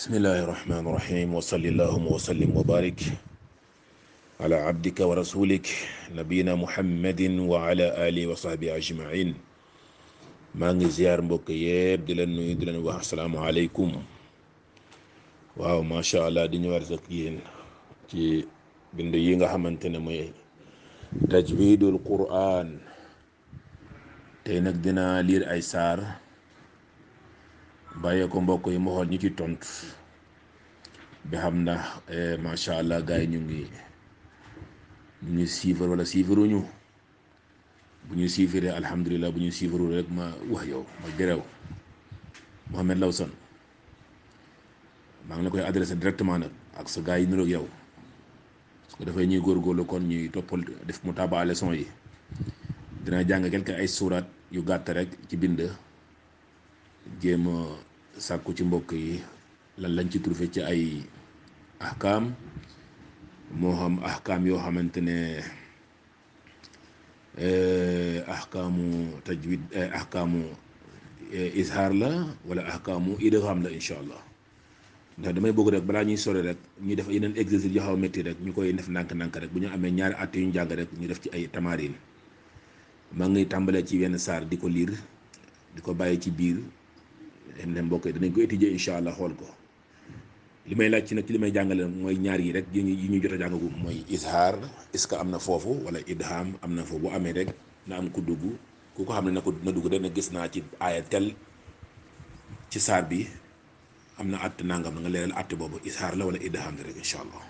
bismillahi irrahmani irrahim wasalli allahuma wasallim wa barik ala abdika wa rasulik nabiyina muhammadin wa ala alihi wa sahbi ajmain maa ngi ziyaar mbokk yëpp di leen nuyu di leen wax asalaamualeykum waaw macha allah di ñëwaat ak yéen ci bind yi nga xamante ne mooy tajwidul quran tey nag dinaa liir ay saar bàyyee ko mbokk yi mu ñu ñi ci tontu bi xam na eh, macha allah gars yi ñu ngi ñu ngi siifar wala siifaruñu bu ñuy siifaree alhamdulilah bu ñuy siifaru rek ma wax yow ma jërew Mouhamed Lawson maa ngi la koy adressé directement nag ak sa gars yi niroog yow su ko defee ñuy góorgóorlu kon ñuy toppal def mu taaba leçon yi dina jàng quelque ay suuraat yu gàtt rek ci bind jéem sàkku ci mbokk yi lan lañ ci trouvé ci ay ahkaam moo xam ahkaam yoo xamante ne eh, ahkaamu tajwid eh, ahkaamu eh, izhaar la wala ahkaamu idgham la incha allah ndax damay bëgg rek balaa ñuy sore rek ñu def yeneen exercice yoo xaw metti rek ñu koy def ndànk-ndànk rek bu ñu amee ñaari at yu ñu jàng rek ñu def ci ay tamarin maa ngi tàmbalee ci wenn saar di ko liir di ko bàyyi ci biir leen ne mbokk yi ko étudier inshallah xol ko limay lacc nak limay jàngale moy ñaar yi rek yi ñu jotta jangugo moy izhar est-ce amna fofu wala idham amna fofu bu amé rek na am ku duggu ku ko xamné ne na duggu na dugg na gis naa ci aaya tel ci sar bi amna na att nangam nga leral att bobu izhar la wala idham rek inshallah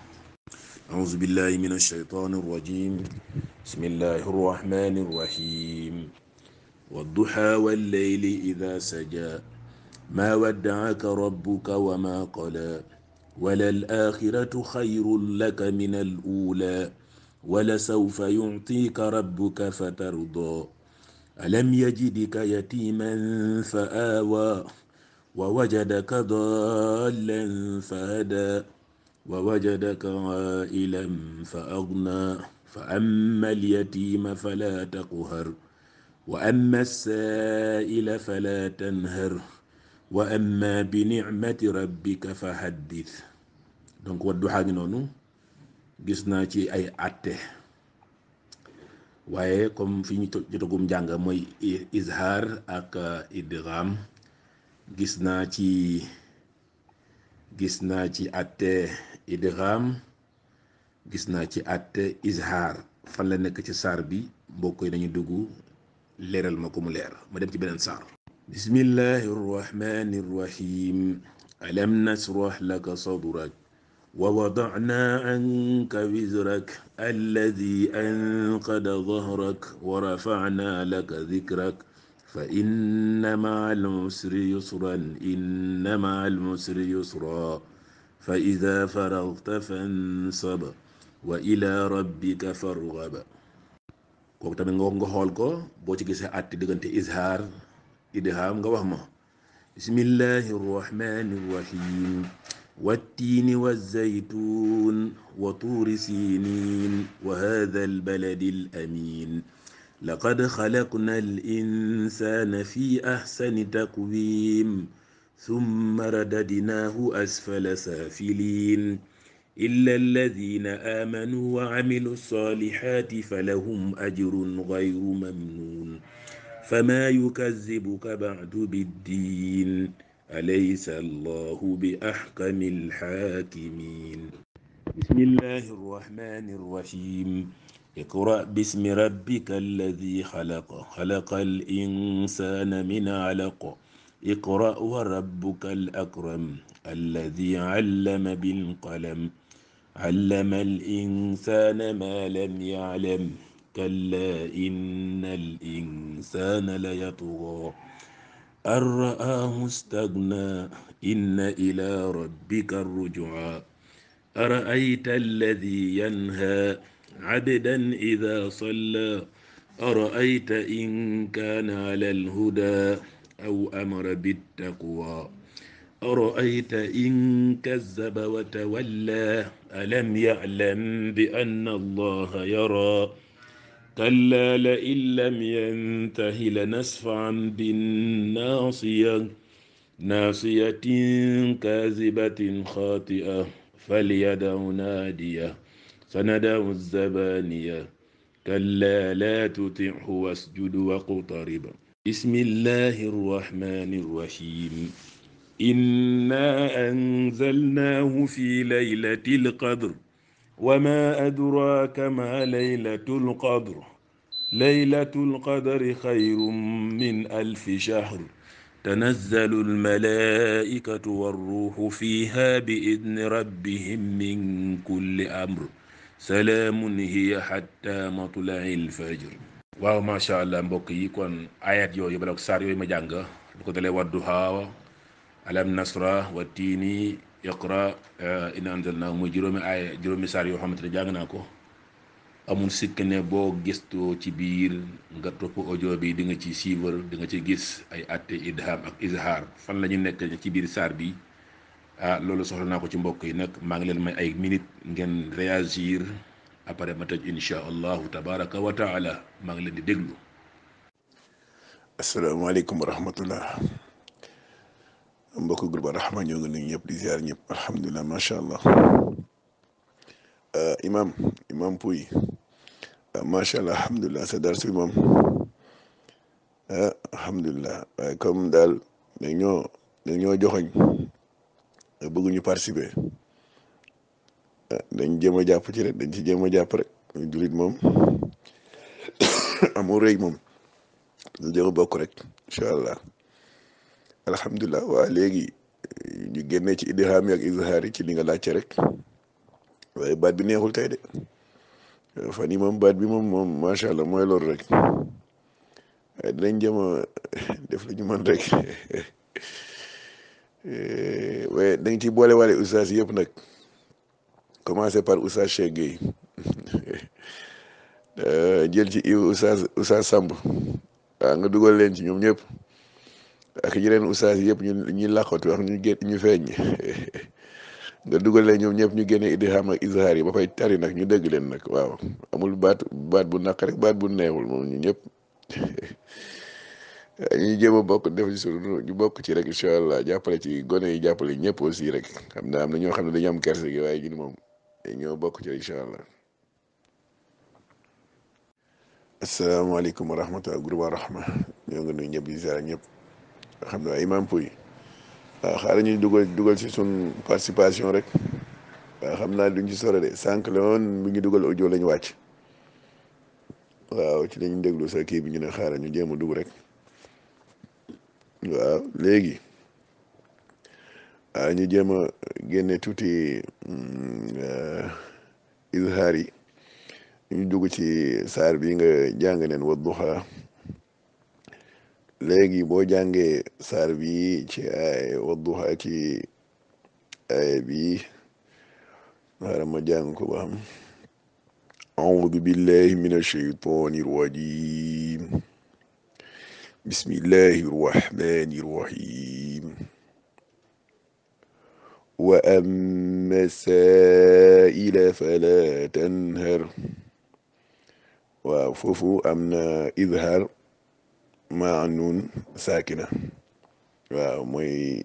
أعوذ بالله من الشيطان الرجيم بسم الله الرحمن الرحيم والضحى والليل إذا سجى ما ودعك ربك وما قلى وللآخرة خير لك من الأولى ولسوف يعطيك ربك فترضى ألم يجدك يتيما فآوى ووجدك ضالا فهدى ووجدك عائلا فأغنى فأما اليتيم فلا تقهر وأما السائل فلا تنهر wa amma bi nicmati rabbika fa haddith donc Wadduha gi noonu gis naa ci ay àtte waaye comme fi ñu jotagum njàng mooy izhar ak uh, idgham gis naa ci gis naa ci àtte gis naa ci àtte izhar fan la nekk ci saar bi mbokk yi nañu dugg leeral ma ko mu leer ma dem ci beneen saar بسم الله الرحمن الرحيم ألم نشرح لك صدرك ووضعنا عنك وزرك الذي أنقد ظهرك ورفعنا لك ذكرك فإن مع العسر يسرا إن مع العسر يسرا فإذا فرغت فانصب وإلى ربك فارغب كوكتا من غونغ هولكو بوتي غيسه ات ديغنتي ازهار إدهام nga بسم الله الرحمن الرحيم والتين والزيتون وطور سينين وهذا البلد الامين لقد خلقنا الانسان في احسن تقويم ثم رددناه اسفل سافلين الا الذين امنوا وعملوا الصالحات فلهم اجر غير ممنون فما يكذبك بعد بالدين أليس الله بأحكم الحاكمين بسم الله الرحمن الرحيم اقرأ باسم ربك الذي خلق خلق الإنسان من علق اقرأ وربك الأكرم الذي علم بالقلم علم الإنسان ما لم يعلم كلا إن الإنسان ليطغى أن رآه استغنى إن إلى ربك الرجعى أرأيت الذي ينهى عبدا إذا صلى أرأيت إن كان على الهدى أو أمر بالتقوى أرأيت إن كذب وتولى ألم يعلم بأن الله يرى كلا لئن لم ينته لنسفعا بالناصية ناصية كاذبة خاطئة فليدع نادية سندع الزبانية كلا لا تطعه واسجد واقترب بسم الله الرحمن الرحيم إنا أنزلناه في ليلة القدر وما أدراك ما ليلة القدر ليلة القدر خير من ألف شهر تنزل الملائكة والروح فيها بإذن ربهم من كل أمر salamun hiya hatta matla'il fajr waaw macha allah mbokk yi kon ayat yooyu bala saar yooyu ma jàng lu ko dalee wadduha alam nasra wa tiini iqra in anzalna muy juróomi aaya juróomi saar yoo xamante ne jàng naa ko amul sikk ne boo gëstoo ci biir nga topp audio bi di nga ci suivre di nga ci gis ay atte idham ak izhar fan la ñu nekk ci biir saar bi ah loolu soxla naa ko ci mbokk yi nag maa ngi leen may ay minute ngeen réagir après ma tëj insha allahu wa taala maa ngi leen di déglu asalaamaaleykum wa rahmatullah mbokk groupe Rahma ñoo ngi nuyu ñëpp di ziar ñëpp alhamdulilah macha allah ah, imam imam Pouy macha allah alhamdulilah sa dars bi moom ah alhamdulilah ah, waaye comme daal dañ ñoo joxoñ ah, bëgg ñu participer ah, dañ jéem a jàpp ci dañ ci jéem jàpp rek ñu jullit moom amul rëy moom ñu jéem a bokk rek incha allah alhamdulilah waa léegi ñu génnee ci idham yi ak izhaar yi ci li nga laajte rek waaye baat bi neexul tey de. fan yi moom baat bi moom moom macha allah mooy loolu rek eh, dinañ jëm a def lu ñu mën rek eh, waaye dañ ci boole wale oustaz yëpp nag commencé par oustaz Cheikh Gueye eh, jël ci iw oustaz oustaz Samb waaw ah, nga dugal leen ci ñoom ñëpp ak yeneen oustaz yëpp ñu ñuy làqatu wax ñu génn ñu feeñ nga dugalee ñoom ñëpp ñu génne idgham ak izhaar yi ba fay tari nag ñu dégg leen nag waaw amul baat baat bu naq rek baat bu neexul moom ñu ñëpp ñu jéem a bokk def ci suñu ñu bokk ci rek incha allah jàppale ci gone yi jàppale ñëpp aussi rek xam naa am na ñoo xam ne dañu am kerse gi waaye ñun moom ñoo bokk ci incha allah. asalaamaaleykum wa rahmatulah groupe wa rahma ñoo ngi nuyu ñëpp di ziar ñëpp xam naa imam Pouy. waaw xaaral ñuy dugal dugal si suñ participation rek waaw xam naa duñ ci sore de sànq la woon mi ngi dugal audio lañ wàcc waaw ci lañ déglu sa kii bi ñu ne xaaral ñu jéem dugg rek waaw léegi waaw ñu jéem a génne tuuti mm, eh, izhaar yi ñu dugg ci saar bi nga jàng neen wadduha léegi boo jàngee saar bi ci ay wadduha ci ay bi xaaral ma jàng ko ba xam أعوذ بالله من الشيطان الرجيم بسم الله الرحمن الرحيم وأما السائل فلا تنهر واعفف أمنا اذهر ما عنون ساكنة ومي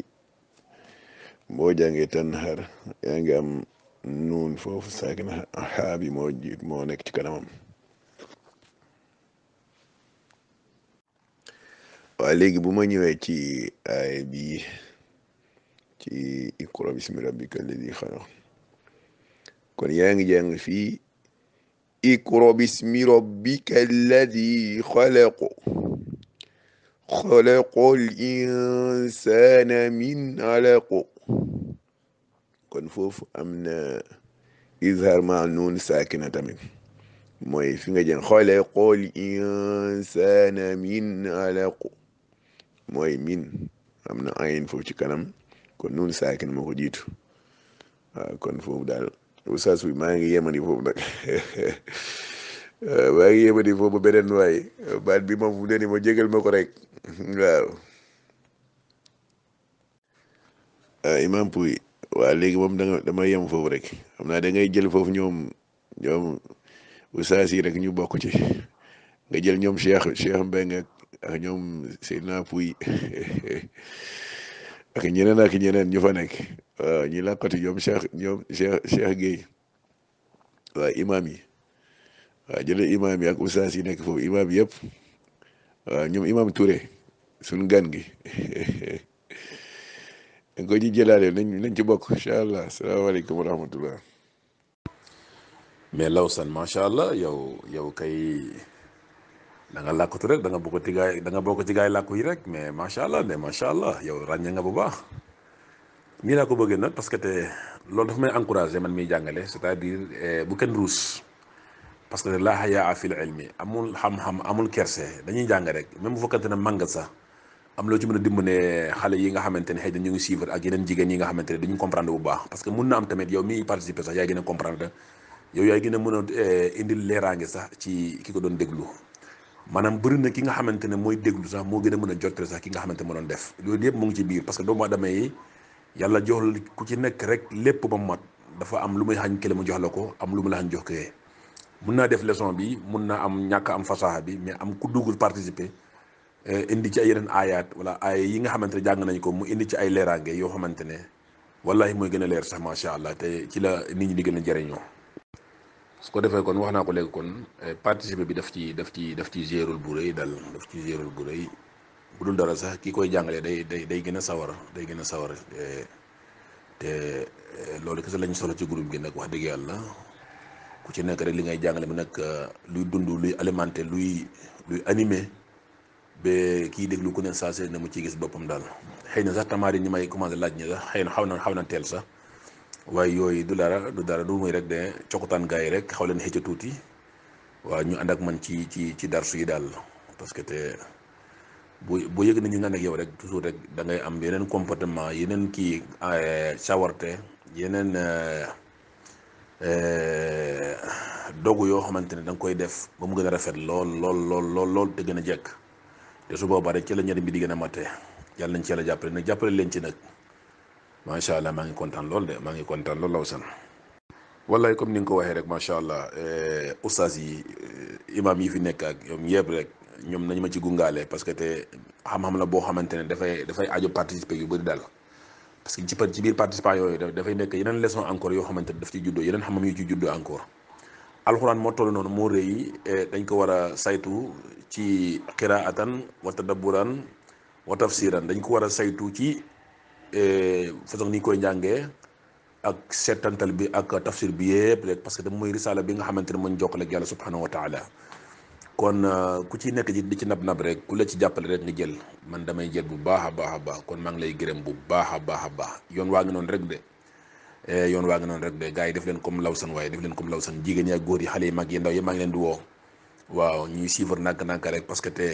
موجان يتنهر ينجم نون فوف ساكنة حابي موجي مونك تكلمم وليك بمانيو تي اي بي تي اقرأ بسم ربك الذي خلق كون يانج جانج في اقرأ بسم ربك الذي خلق خلق الإنسان من علق kon foofu am na izhar ma nuun saakina tamit mooy fi nga jën xalaqa al insaana min alaq mooy min am na ayin foofu ci kanam kon nuun saakin moo jiitu kon foofu daal oustaz bi maa ngi yemandi foofu nag eh, maa ngi yemandi foofu beneen waay baat bi moom fu deni ma jégal ma ko rek waaw ah imam puy waaw léegi moom danga dama yem foofu rek xam naa da ngay jël foofu ñoom ñoom yi rek ñu bokk ci nga jël ñoom Cheikh Cheikh Mbengue ak ñoom Seydina Pouy ak ñeneen ak ñeneen ñu fa nekk ñi làkkati ñoom Cheikh ñoom Cheikh Cheikh Guèye waaw imam yi waaw jële imam yi ak ustaas yi nekk foofu imam yëpp waaw ñoom imam Touré sun gan gi ngo ko ci nañ nañ ci bok inshallah assalamu alaykum wa rahmatullah mais law san macha allah yow yow kay da nga làkkatu rek da nga bokk ci gaay da nga bokk ci gaay lakku yi rek mais macha allah mais macha allah yow ràññe nga bu baax ni la ko bëggee parce que té dafa may encourager man mi jangalé cest à dire eh, bu ken rouss parce que haya fi al ilmi amul ham ham. amul kerse dañuy jang rek même bu fekkante ne sax am loo ci mën a dimbalee xale yi nga xamante ne xëy na ñu ngi suivre ak yeneen jigéen yi nga xamante ne dañu comprendre bu baax parce que mun na am tamit yow miy participer sax yaay a comprendre a mën a eh, indil leeraange ki ko doon déglu maanaam bëri na ki nga xamante ne mooy déglu sax moo gën a mën a jottale sax ki nga xamante ne moo def loolu yëpp mu ngi ci biir parce que doomu aadama yi yàlla jox ku ci nekk rek lépp ba mat dafa am lu muy xañ kële mu jox la ko am lu mu la jox kee mun naa def leson bi mun naa am ñàkk am fasaha bi mais am ku duggul participer Eh, indi ci ay yeneen aayaat wala aaya yi nga xamante ne jàng nañ ko mu indi ci ay leeraange yoo xamante ne wallahi mooy gën a leer sax macha allah te ci la nit ñi di gën a jariñoo su ko defee kon wax naa ko léegi kon eh, participer bi daf ci daf ci daf ci gérul bu rëy dal daf ci gérul bu rëy bu dul dara sax ki koy jàngalee day day day gën a sawar day gën a sawar eh, te loolu kese lañu solo ci groupe gi nag wax dëgg yàlla ku ci nekk rek li ngay jàngale mu nekk luy dund luy alimenter luy luy animer. ba kiy déglu ku ne saa seen na mu ciy gis boppam daal xëy na sax tamarin ñi may commencé laaj ñi sax xëy na xaw na xaw na teel sax waaye yooyu du dara du dara du muy rek de cokutaan gaay yi rek xaw leen xëcc tuuti waaw ñu ànd ak man ci ci ci darsu yi daal parce que te bu bu yëg nañu ñu ànd ak yow rek toujours rek da ngay am yeneen comportement yeneen kii ah, sawarte yeneen eh, eh, dogu yoo xamante ne da koy def ba mu gën a rafet lool lool lool lool lool te gën a jekk. te su boobaa rek ci la njëriñ bi di gën a matee yàlla nañ ci yàlla jàppale nag jàppale leen ci nag macha allah maa ngi kontaan lool de maa ngi kontaan lool Lawsan. wallaay comme ni nga ko waxee rek macha allah eh, ustaas yi eh, imaam yi fi nekk ak ñoom yëpp rek ñoom nañu ma ci gungaale parce que te xam-xam la boo xamante ne dafay dafay aajo participer yu bëri daal. parce que ci ci biir participants yooyu dafay nekk yeneen leçon encore yoo xamante ne daf ci juddoo yeneen xam alxuraan moo toll non moo rëy eh, dañ ko wara saytu ci qiraatan wa tadabburan wa tafsiran dañ ko wara saytu ci eh, façon ni koy njàngee ak setantal bi ak tafsir bi yépp rek parce que tam risala bi nga xamanteni mo yalla subhanahu wa taala kon eh, ku ci nek di ci nab-nab rek ku la ci jappal rek nga jël man damay jël bu baax a baax kon mang ngi lay gërëm bu baax a baax yon non rek de Eh, yoon waa nga noonu rek de gars yi def leen comme Lawsan waaye def leen comme Lawsan jigéen ñi ak góor yi xale yi mag yi ndaw yi maa ngi leen di woo waaw ñuy suivre nànk-nànk rek parce que te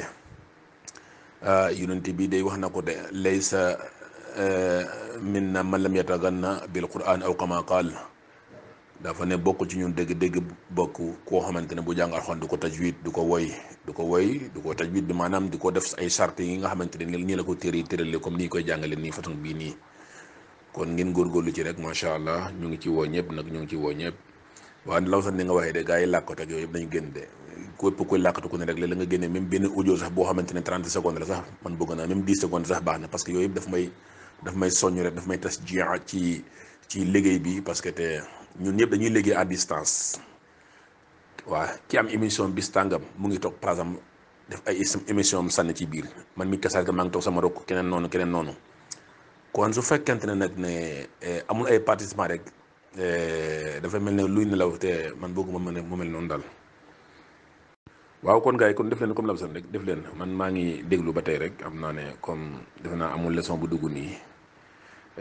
ah, yonent bi day wax na ko de laysa eh, minna man lam yataganna bil quran aw kama qaal dafa ne bokk ci ñun dégg-dégg bokk koo xamante ne bu jàng alxuraan du ko tajwid du ko woy du ko woy du ko tajwid bi maanaam di ko def ay charte yi nga xamante ne nii la ko téere yi tërale comme koy jàngale nii bii nii kon ngeen góorgóorlu ci rek macha allah ñu ngi ci woo ñëpp nag ñu ngi ci woo ñëpp waaye law sax ni nga waxee de gars yi làkkatu ak yooyu yëpp nañu génn de képp kuy làkkatu ku ne rek la nga génne même benn audio sax boo xamante ne 30 secondes la sax man bëgg naa même 10 secondes sax baax na parce que yëpp may daf may soññ ci ci liggéey bi parce que te ñun ñëpp dañuy liggéey à distance waaw ki am émission bis tàngam mu ngi toog par exemple def ay émission am sànni ci biir man mi kasaar maa ngi toog sama rokk keneen noonu keneen noonu kon su fekkente ne nag ne eh, amul ay participants rek eh, dafa mel ne luy nelaw te man bëgguma mën a mu mel noonu daal waaw kon gars yi kon def leen comme labsan rek def leen man maa ngi déglu ba tey rek am naa ne comme defe naa amul leçon bu dugg nii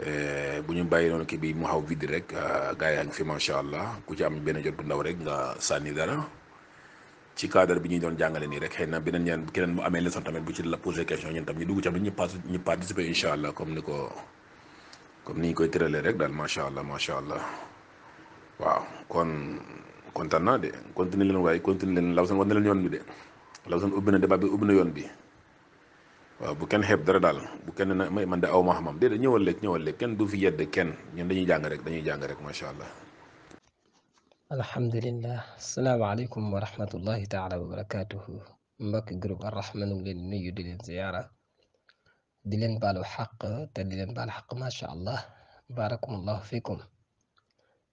eh, bu ñu bàyyi noonu kii bi mu xaw vide rek ah, gars yaa ngi fi macha allah ku ci am benn jot bu ndaw rek nga sànni dara. ci cadre bi ñuy doon jàngale nii rek xëy na beneen ñeen keneen mu amee leçon tamit bu ci la posé question ñu dugg ñu participer incha allah comme ni ko comme ni ñu koy tëralee rek daal macha allah macha allah waaw kon kontaan naa de continuer leen waaye continuer leen Lawson war na yoon bi de Lawson ubbi na débat bi ubbi na yoon bi waaw bu kenn xeeb dara daal bu kenn na may man de aw ma xamam déedéet ñëwal lekk ñëwal lekk kenn du fi yedd kenn ñun dañuy jàng rek dañuy jàng rek macha allah. alhamdulillah asalaamaaleykum wa rahmatullahi taala wa barakaatuhu mbokki groupe Ar-Rahma nu ngi leen di nuyu di leen ziyaara di leen baalu xaq te di leen baal xaq macha allah baarakumullahu fikum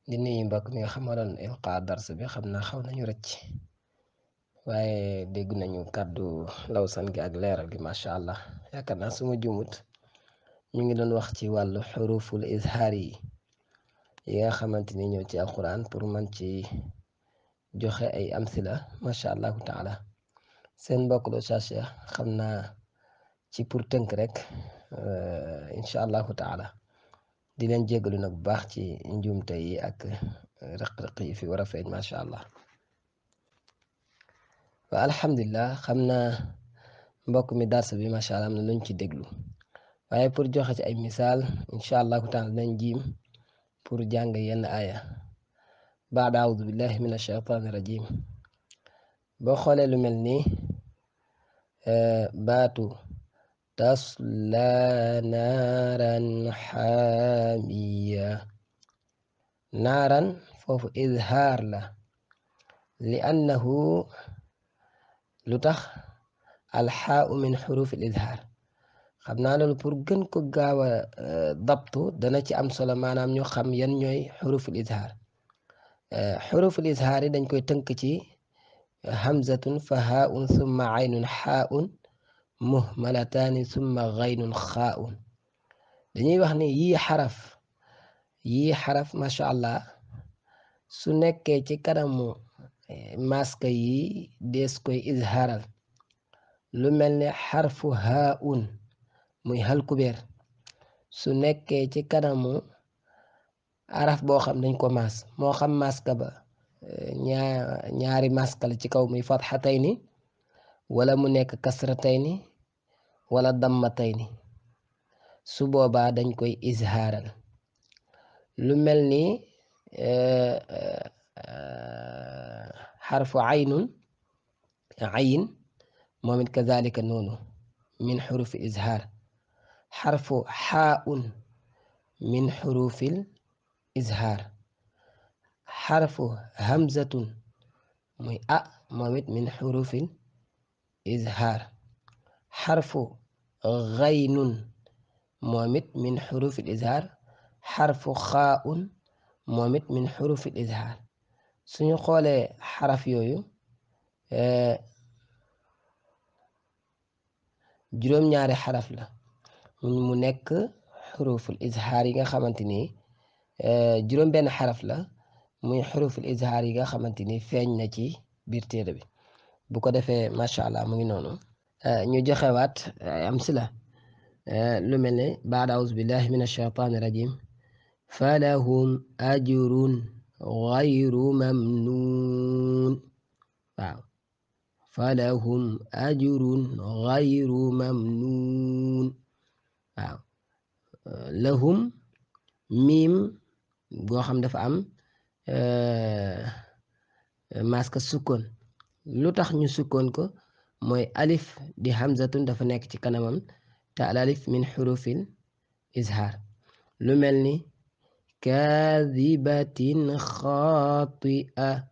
di nuyu mbokk mi nga xamaloon ilqa dars bi xam naa xaw nañu rëcc waaye dégg nañu kàddu lawsan gi ak leeral gi macha allah yaakaar naa suma jumut ñu ngi doon wax ci wàllu xuruful izhaar yi yi nga xamante ni ñëw ci alquran pour man ci joxe ay amsila macha allahu taala seen mbokk la Oustaz Cheikh xam naa ci pour tënk rek incha allahu taala di leen jégalu nag bu baax ci njuumte yi ak rëq-rëq yi fi war a feeñ macha allah wa alhamdulilah xam naa mbokk mi darsa bi macha allah am na luñ ci déglu waaye pour joxe ci ay misaal incha allahu taala dinañ jiim. pour jàng yenn aya baada a'udhu billahi minash ashaytaani rajim bo xolé lu melni nii baatu tasla naaran xaamiya naaran foofu izhaar la li annahu lu tax alxaau min xuruf al izhaar xam naa loolu pour gën ko gaaw a euh, dabtu dana ci am solo maanaam ñu xam yan ñooy xuruful izhaar euh, xuruful izhaar yi dañ koy tënk ci hamzatun fa haun summa aynun xaaun muhmalataani summa gaynun xaaun dañuy wax ni yii xaraf yi xaraf macha allah su nekkee ci kanamu euh, maska yi dees koy izhaaral lu mel ne xarfu haun muy halkubeer su nekkee ci kanamu araf boo xam dañ ko maas moo xam maska ba eh, ñaar ñaari maska la ci kaw muy fatxatayni wala mu nekk kasratayni wala dammatayni su boobaa dañ koy izhaaral lu mel ni eh, eh, xarfu aynun ayin moom it kazalika noonu min xurufi izhaar حرف حاء من حروف الإزهار حرف همزة من حروف الإزهار حرف غين مؤمت من حروف الإزهار حرف خاء مؤمت من حروف الإزهار سنو قول حرف yooyu آه، جروم naari حرف له mu nekk xuruful izhaar yi nga xamante ni juróom benn xaraf la muy xuruful izhaar yi nga xamante ni feeñ na ci biir téere bi bu ko defee macha allah mu ngi noonu ñu joxewaat amsila lu mel ne baada aus billahi min alcheytaan rajim falahum ajrun gayru mamnun waaw falahum ajrun gayru mamnun آه، لهم ميم بو خام دافا ام آه، ماسك السكون لوتاخ ني سكون كو موي الف دي حمزه دافا نيك تي كانامم تا من حروف الازهار لو ملني كاذبة خاطئة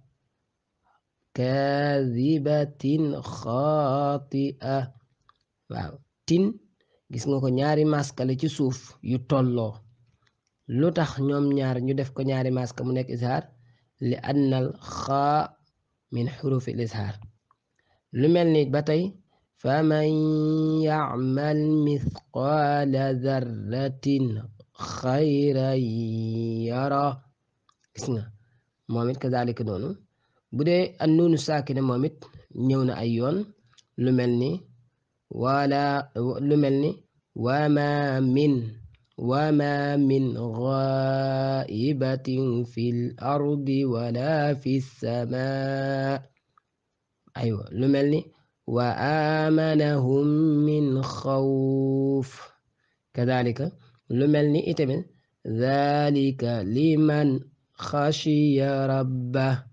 كاذبة خاطئة واو تين gis nga ko ñaari masque la ci suuf yu tolloo lu tax ñoom ñaar ñu def ko ñaari masque mu nekk izhaar li annal xaa min xurufi izhaar lu mel ni ba tey faman yacmal mithqaala darratin xayran yara gis nga moom it kazalika bu dee annuunu saakina moom ñëw na ay yoon lu mel ni ولا لملني وما من وما من غائبة في الأرض ولا في السماء أيوة لملني وآمنهم من خوف كذلك لملني إتمن إيه ذلك لمن خشي ربه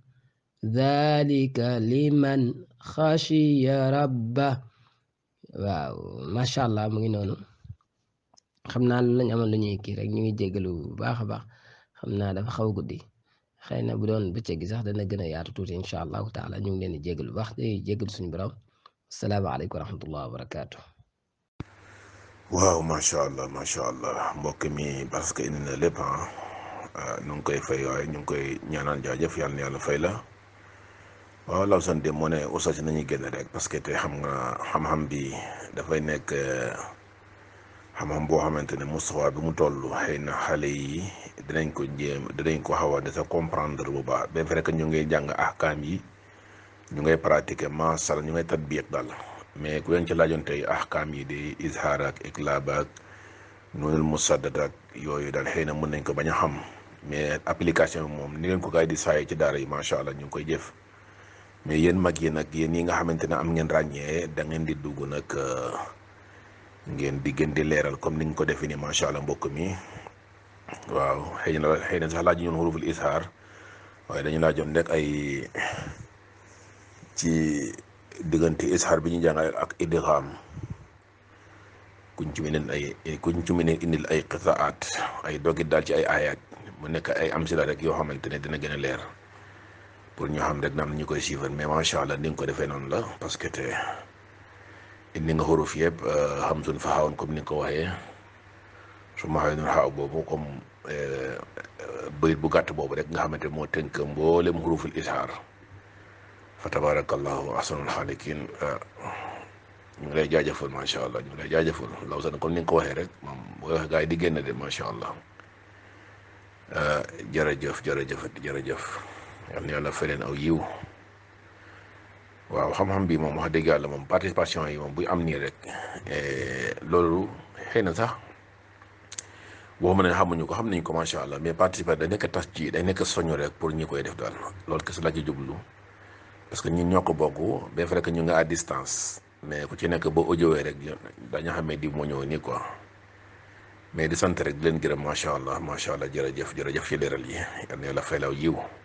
ذلك لمن خشي ربه waaw macha allah mu ngi noonu xam naa lu lañ amoon lu kii rek ñu ngi jéggalu bu baax a baax xam naa dafa xaw guddi xëy na bu doon bëccëg gi sax dana gën a yaatu tuuti incha ñu ngi leen di jéggalu bu baax di jéggalu suñu borom salaamaaleykum wa rahmatullah wa allah macha mbokk mi parce que indi na lépp ah nu ah, ngi koy fay waaye ñu ngi koy ñaanal la. waaw Lawson de moo ne ustaas nañuy génn rek parce que te xam nga xam-xam bi dafay nekk euh, xam-xam boo xamante ne Moustapha bi mu toll xëy na xale yi dinañ ko jéem dinañ ko xaw a des comprendre bu baax bien vrai que ñu ngay jàng ahkaam yi ñu ngay pratiquer masal ñu ngay tatbiq daal mais ku leen ci laajoon tey ahkaam yi di izhaar ak iklaab ak noonul musaddad ak yooyu daal xëy na mën nañ ko bañ a xam mais application bi moom ni ngeen ko gaay di saay ci daara yi macha allah ñu ngi koy jëf. mais yéen mag yi nag yéen yi nga xamante ne am ngeen ràññee da ngeen di dugg nag euh, ngeen di gën di leeral comme ni nga ko defee nii macha allah mbokk mi waaw xëy na xëy na sax laaj ñoon xuruful ishaar waaye dañu laajoon rek ay ci diggante ishaar bi ñu jàngal ak idgham kuñ ci mën kuñ ci mën indil ay qitaat ay dogit daal ci ay ayat mu nekk ay am amsila rek yoo xamante ne dina gën a leer. pour ñu xam rek nam ñi koy suivre mais ma sha allah ni ko defé non la parce que te indi nga huruf yëpp xam suñ fa xawoon comme ni ko waxee su ma xawee noonu bobu comme euh beuy bu gàtt bobu rek nga xamante moo tënk mboolem xuruful ishar fa tabarakallahu ahsanul khaliqin ñu lay jajeful ma sha allah ñu lay jajeful law sa comme ni ko waxee rek mom booy wax gaay di génn de ma sha allah jërëjëf jërëjëf jërëjëf. yal na yàlla fay leen aw yiw waaw xam-xam bi moom wax dëgg yàlla moom participation yi moom buy am nii rek eh, loolu xëy na sax boo waxuma ne xamuñu ko xam nañu ko macha allah mais participer day nekk tas ji day nekk soñu rek pour ñu koy def daal loolu kese laa ci jublu parce que ñun ñoo ko bokk bien vrai que ñu nga à distance mais ku ci nekk boo audiowee rek dañ xam ne di moo ñëw nii quoi mais di sant rek di leen gërëm macha allah macha allah jërëjëf jërëjëf ci leeral yi yal na yàlla faylaw yiw